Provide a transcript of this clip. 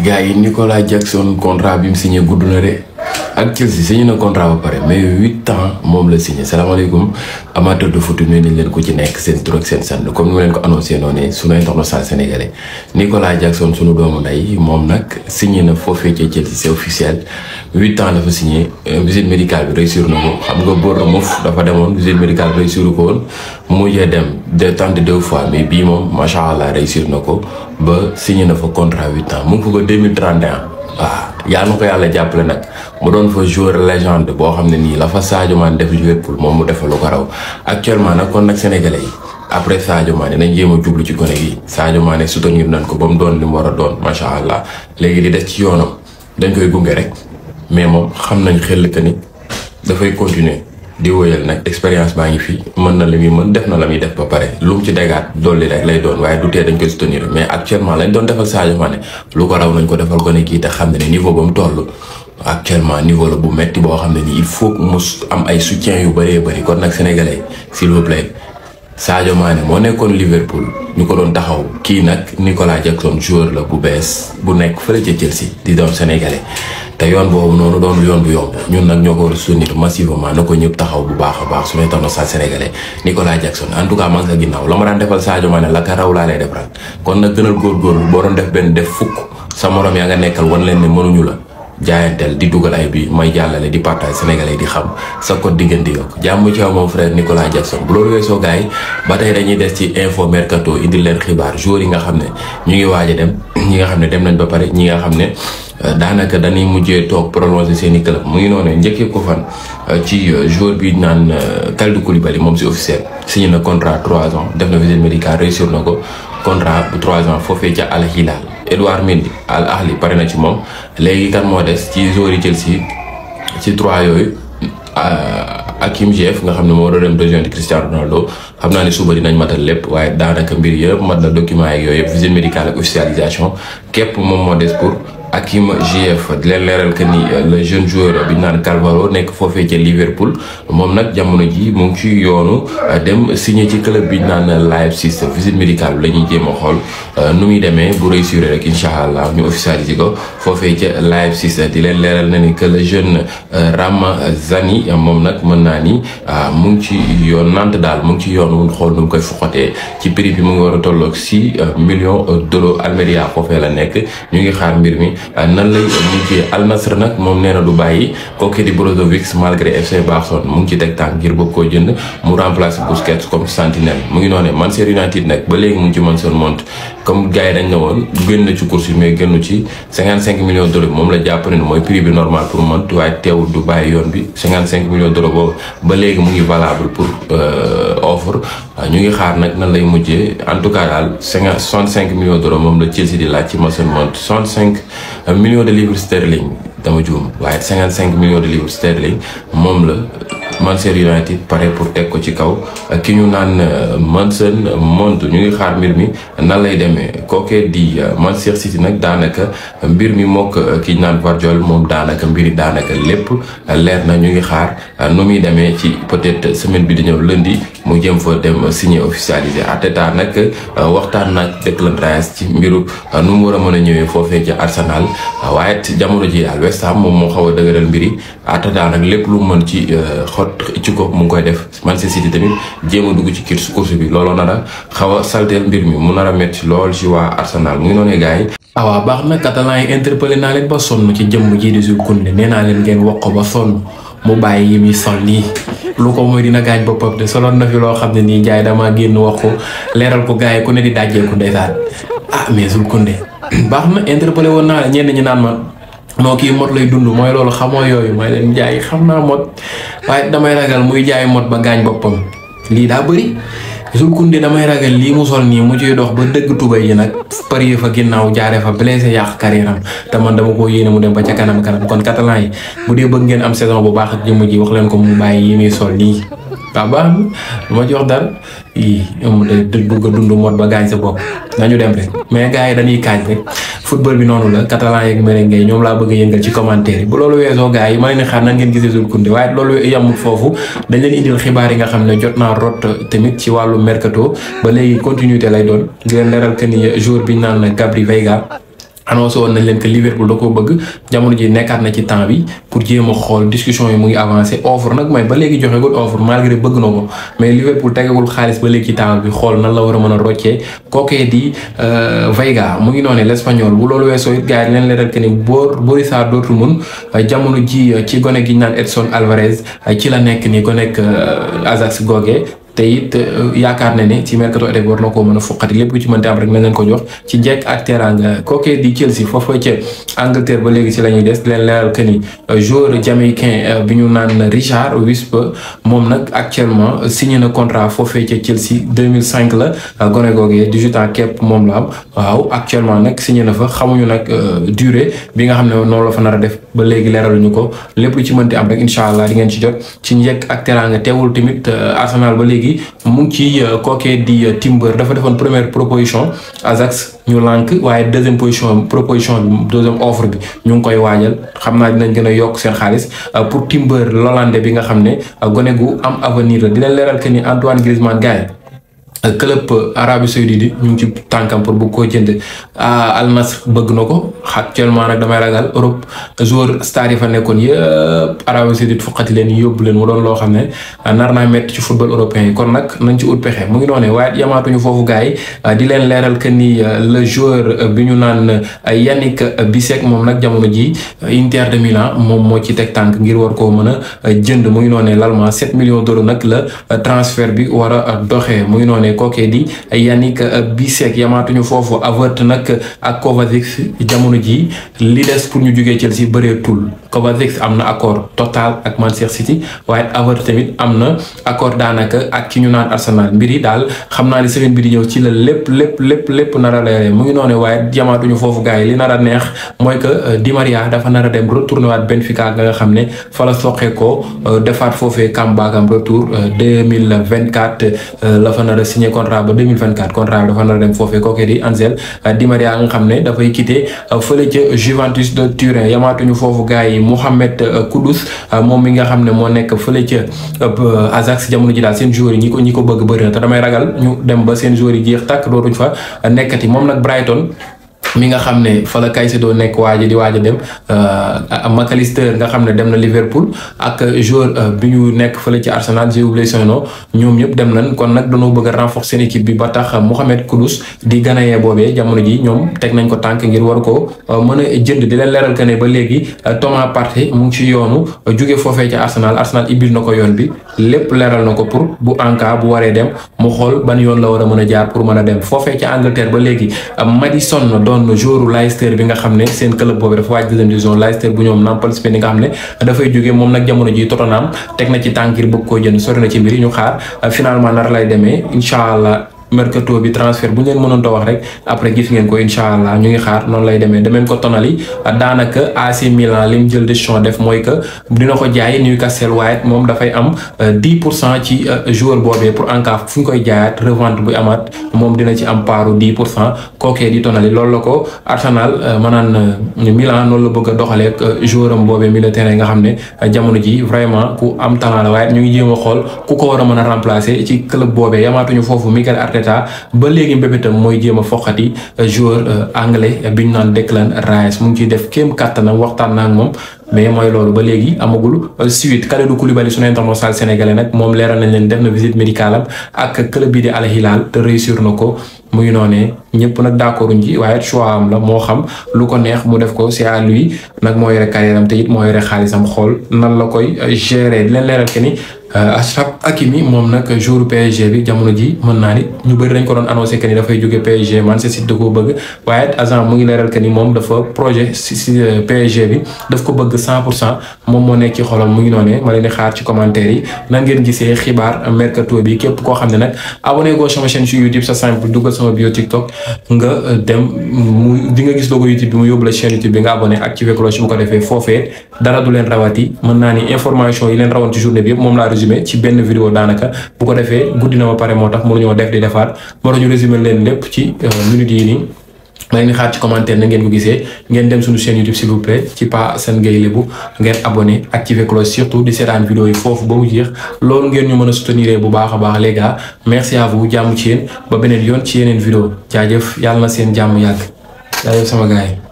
gars yi Nicolas Jackson contrat bi mu signé gudd na ak Chelsea ñu na contrat ba pare mais huit ans moom la signé salaamaaleykum amateur du foot nuyu nañ leen ko ci nekk seen tur ak seen sant comme ni ma leen ko annoncé noonu sunu international sénégalais Nicolas Jackson sunu doomu ndey moom nag signé na foofee ca Chelsea c'est officiel huit ans la fa signé euh, visite bi réussir na ko xam nga Bournemouth dafa demoon visite médicale bi réussir ko woon mu jee dem de tenter deux fois mais bii moom macha allah réussir na ko ba signé na fa contrat huit ans mu ngi ko deux mille trente et un waaw. yaa nu ko yàlla jàppale nag mu doon fa joueur légende boo xam ne nii la fa Sadio Mané def Liverpool moom mu defal lu ko raw actuellement nag kon nag sénégalais yi après Sadio Mané nañ jéem a jublu ci gone gi Sadio Mané soutenir nañ ko ba mu doon li war a doon macha allah léegi de des ci yoonam dañ koy gunge rek mais moom xam nañ xel que ni dafay continuer. di wóyal nag expérience baa ngi fi mën na la muy mën def na la muy def ba pare lu mu ci dégaat dolli rek lay doon waaye du tee dañ koy soutenir mais actuellement lañ doon defal Sadio Mané lu ko raw nañ ko defal gone kii te xam ne ne niveau ba mu actuellement niveau bu metti boo xam ne nii il faut mu am yu bëree bëri kon nag sénégalais s'il vous plaît Sadio Mané moo nekkoon Liverpool ñu ko doon taxaw kii nag Nicolas Jackson joueur la bu bees bu nekk fële jël Chelsea di doon sénégalais. te yoon boobu noonu doon yoon bu yomb ñun nag ñoo ko war a soutenir massivement na ko ñëpp taxaw bu baax a baax su l'international sénégalais Nicolas Jackson en tout cas maa ngi sa ginnaaw la ma daan defal Sadio Mané la ka raw laa lay defal kon nag gënal góorgóorlu boo doon def benn def fukk sa morom yaa nga nekkal wan leen ne mënuñu la jaayanteel di dugal ay bi may jàllale di partage sénégalais di xam sa code di di yokk jàmm ci aw moom frère Nicolas Jackson bu loolu weesoo gars yi ba tey dañuy des ci info mercato indil leen xibaar joueurs yi nga xam ne ñu ngi waaj a dem ñi nga xam ne dem nañ ba pare ñi nga xam ne euh, daanaka dañuy mujjee toog prolongé seen i club mu ngi noonu njëkkee ko fan euh, ci euh, joueur bi naan Kalidou Koulibaly moom si officiel signé ne contrat 3 ans def na visite médicale réussir na ko contrat bu 3 ans foofee ca Al Edouard Mendy Al Ahli pare na ci moom léegi kan moo des ci joueur yi Chelsea ci trois yooyu a euh, Hakim Ziyech nga xam ne moo doon dem région de Cristiano Ronaldo xam naa ne suba nañ matal lépp waaye daanaka mbir yëpp mat na documents yeeg yooyu yëpp visite médicale ak officialisation képp moom moo des pour. Hakim Ziyech di leen leeral que ni euh, le jeune joueur bi ñu naan Carvalho nekk foofee ca Liverpool moom nag jamono ji mu ngi ci yoonu euh, dem signé ci club bi naan Leipzig visite médicale bi la ñuy jéem a xool euh, nu muy demee bu réussir rek incha allah ñu officialisé ko foofee ca Leipzig di leen leeral na ni que le jeune Ramazani moom nag mën naa ni mu ngi ci yoon Nantes daal mu ngi ci yoon wu xool nu mu koy foxatee ci prix bi mu ngi war a tolloog six millions d'euros Almeria foofee la nekk ñu ngi xaar mbir mi. Euh, nan lay mujjee Al Nassr nag moom nee na du bàyyi kooku di Brozovic malgré FC Barcelone mu ngi ci teg tànk ngir ngi noonee Manchester United nag ba léegi mu ngi ci Mason Mount comme gars dañ ne woon génn na ci course yi mais génnu ci 55 millions de dollars moom la jàpp ne mooy prix bi normal pour Mount waaye teewul du bàyyi yoon bi 55 millions de dollars boobu ba léegi mu ngi valable pour. Euh, offre ñu ngi xaar nag nan lay mujjee en tout cas daal cinquante soixante-cinq millions d'euros moom la Chelsea di laaj ci Mason Mount soixante-cinq euh, millions de livres sterling dama juum waaye cinquante-cinq millions de livres sterling moom la. Manchester United pare pour teg ko ci kaw ki ñu naan euh, Mason Mount ñu ngi xaar mbir mi nan lay demee kookee di euh, Manchester City nag daanaka mbir mi mook euh, ki ñu naan Guardiola moom daanaka mbiri daanaka lépp leer na ñu ngi xaar nu muy demee ci peut-être semaine bi di ñëw lundi mu jëm fa dem signer officialisé Arteta nag waxtaan nag Declan Rice ci mbiru nu mu war a mën a ñëwee foofee ci Arsenal waaye jamono ji daal West moo xaw a dëgëral mbiri lépp lu mën ci xot ci ko mu ngi koy def Manchester City tamit jéem a dugg ci kiir course bi looloo nar a xaw a salteel mbir mi mu nar a métti lool ci waa Arsenal mu ngi noonee gars yi. Ah ba sonn ci jëmm ji di Jules Koundé nee naa ba sonn mu bàyyi yi muy sol nii lu ko mooy dina gaañ boppam de soloon na fi loo xam ne nii jaay dama génn wax ko leeral ko gars yi ku ne di dajjeeku ndeysaan ah mais Jules Koundé baax na interpellé woon naa la ñenn ñi naan ma. noo kii mot lay dund mooy loolu xamoo yooyu mooy leen jaay xam naa mot waaye damay ragal muy jaay mot ba gaañ boppam lii daa bëri Jules Koundé damay ragal lii mu sol nii mu ciy dox ba dëgg tubay yi nag parié fa ginnaaw jaaree fa blessé yàq carrière am te man dama ko yéene mu dem ba ca kanam kanam kon catalan yi bu dee bëgg ngeen am saison bu baax ak jëmm ji wax leen ko mu bàyyi yi muy sol nii. waaw ah, baax na lu ma ci wax dara yii moom day bëgg a dund mot ba gaañ sa bopp nañu dem rek mais gars yi dañuy kaaj rek football bi noonu la catalan yeeg merengue yi ñoom laa bëgg a yëngal ci commentaire yi bu loolu weesoo gars yi ma leen xaar nan ngeen gisee Jules Koundé waaye loolu yamul foofu dañ leen indil xibaar yi nga xam ne jot naa rot tamit ci wàllu mercato ba léegi continuité lay doon di leen leeral que ni jour bi ñu naan Gabri Veiga annoncé woon nañ leen que Liverpool da koo bëgg jamono ji nekkaat na ci temps bi pour jéem a xool discussion yi mu ngi avancé offre nag mooy ba léegi joxegul offre malgré bëgg na ko mais Liverpool tegagul xaalis ba léegi ci temps bi xool nan la war a mën a roccee kookee di euh, Veiga mu ngi noonu l'Espagnol bu loolu weesoo it gars yi leen leeral que ni boo Borussia Dortmund euh, jamono ji euh, ci gone gi ñu naan Edson Alvarez ci la nekk nii ko nekk Ajax googee te it eh, yaakaar na ne ci mercato été war na koo mën a foqati lépp lu ci mënti am rek nañ leen ko jox la ñuy des leen leeral que ni eh, joueur jamaïcain eh, bi ñu na contrat na fa xamuñu nag durée bi nga xam ne noonu la fa nar a ba léegi ko lépp lu ci mënti am rek incha allah di ngeen ci jot ci njëkk ak teewul tamit Arsenal ba léegi. léegi mu ngi ci euh, kookee di euh, Timber dafa defoon première proposition Ajax ñu lànk waaye deuxième position proposition bi deuxième offre bi ñu ngi koy waajal xam naa dinañ gën a yokk seen xaalis euh, pour Timber l'Hollandais bi nga xam ne gone gu am avenir la dina leeral que ni Antoine Griezmann gars Euh, club Arabie Saoudite yi ñu ngi ci tànkam pour bëgg koo jënd euh, Al Nassr bëgg na ko actuellement nag damay ragal Europe joueur star yi fa nekkoon yëpp Arabie Saoudite fuqati leen yóbbu leen mu lool loo xam ne euh, nar naa métti ci football européen yi kon nag nañ ci ut pexe mu ngi noonee waaye yamaatuñu foofu gaa yi di leen leeral que ni le joueur bi ñu naan Yannick biseek moom nag jamono ji Inter de Milan moom moo ci teg tànk ngir war koo mën a jënd mu ngi noonee l'Allemand 7 millions d'euros nag la transfert bi war a doxee mu ngi xamee kookee di Yannick Bisek yamaatuñu foofu Havertz nag ak Kovacic jamono ji li des pour ñu jugee Chelsea bëreetul Kovacic am na accord total ak Manchester City waaye Havertz tamit am na accord daanaka ak ci ñu naan Arsenal mbir yi daal xam naa ni semaine bi di ñëw ci la lépp lépp lépp lépp nar mu ngi noonu waaye yamaatuñu foofu gars yi li nar a neex mooy que euh, Di dafa nar a dem retourné waat Benfica nga nga xam ne fa la soqee ko euh, defaat foofee comeback am retour 2024 euh, la fa nar signé contrat ba 2024 contrat bi dafa nar a dem foofee kooku di Angel euh, Di nga xam ne dafay quitté euh, fële ca de Turin yamaatuñu foofu gars yi Mohamed euh, Kudus moom mi nga xam ne moo nekk fële ca Ajax jamono ji daal seen joueurs ñi ko ñi ko bëgg bëri na te damay ragal ñu dem ba seen joueurs yi jeex tàkk dootuñ fa nekkati moom nag Brighton. mi nga xam ne fa la Caicedo nekk waaj di waaj a dem euh, McAllister nga xam ne dem na Liverpool ak jour euh, bi ñu nekk fële ci Arsenal j'ai oublié son ñoom ñëpp dem nañ kon nag dañoo bëgg a renforcer seen équipe bi ba tax Mohamed Kudus di Ganaye boobee jamono ji ñoom teg nañ ko tànk ngir war ko euh, mën a jënd di leen leeral que ne ba léegi Thomas Partey mu ngi ci yoonu jóge foofee ci Arsenal Arsenal ibbil na ko yoon bi lépp leeral na ko pour bu en bu waree dem mu xool ban yoon la war a mën a jaar pour mën a dem foofee ci ba léegi ñoom joueur Leicester bi nga xam ne seen club boobu dafa waaj deuxième division Leicester bu ñoom Nampalys Mendy nga xam ne dafay jógee moom nag jamono ji Tottenham teg na ci tànkir bëgg koo jënd sori na ci mbir ñu xaar finalement nar lay demee incha allah mercato bi transfert bu ñu leen mënoon a wax rek après gis ngeen ko incha allah ñu ngi xaar noonu lay demee demeen ko tonali daanaka AC Milan li mu jël décision def mooy que dina ko jaay Newcastle waaye moom dafay euh, pour cent ci euh, joueur boobee pour koy jaayaat revente bu amaat moom dina ci am paaru 10 pour cent kookee di tonali loolu la ko Arsenal euh, maanaam Milan noonu la bëgg a doxalee joueur am boobee milieu terrain nga xam ne jamono ji vraiment ku am talent waaye ñu ngi jéem a xool ku ko war a mën a remplacer ci club boobee yamaatuñu foofu Mikel Arteta Arteta ba léegi mbébétam mooy jéema a foqati euh, jour euh, anglais bi ñu naan Declan Rice mu ngi ciy def kéem kàttanam waxtaan naa ak moom mais mooy loolu ba léegi amagul euh, suite su Koulibaly sunu international sénégalee nag moom leeral nañ leen def na visite médicale am ak club bi di Al Hilal te réussir na ko muy ngi noonee ñëpp nag d'accorduñ ci waaye choix am la moo xam lu ko neex mu def ko c'est à lui nag moo yore carrière am te it moo yore xaalisam xool nan la koy gérer leeral que Euh, Achraf Hakimi moom nag joueur PSG bi jamono ji mën naa ni ñu bëri dañ ko doon annoncé que ni dafay jóge PSG Manchester City da koo bëgg mu ngi leeral que ni moom dafa projet si si euh, PSG daf ko bëgg 100 pour moom moo nekk ci xolam mu ngi noonee ma leen di xaar ci commentaire yi nan ngeen gisee xibaar mercato bi képp koo xam ne nag abonné goo sama chaîne ci YouTube c'est simple duggal sama bio TikTok nga euh, dem mu di nga gis logo YouTube bi mu yóbbu la chaîne YouTube bi nga abonné activé cloche bu ko defee foofee dara du leen rawati mën naa information yi leen rawoon ci journée bi yëpp moom résumé ci benn vidéo daanaka bu ko defee guddi na ba pare moo tax mënuñoo def di defaat moo tax ñu résumé leen lépp ci euh, minutes yi nii. ma leen di xaar ci commentaire na ngeen ko gisee ngeen dem suñu chaîne YouTube s'il vous plaît ci Pa Assane Gueye Lébou ngeen abonné activer cloche surtout di seetaan vidéo yi foofu ba mu jeex loolu ngeen ñu mën a soutenir bu baax a baax les gars merci à vous jàmm ci yéen ba beneen yoon ci yeneen vidéo jaajëf yàlla na seen jàmm yàgg jaajëf sama gars yi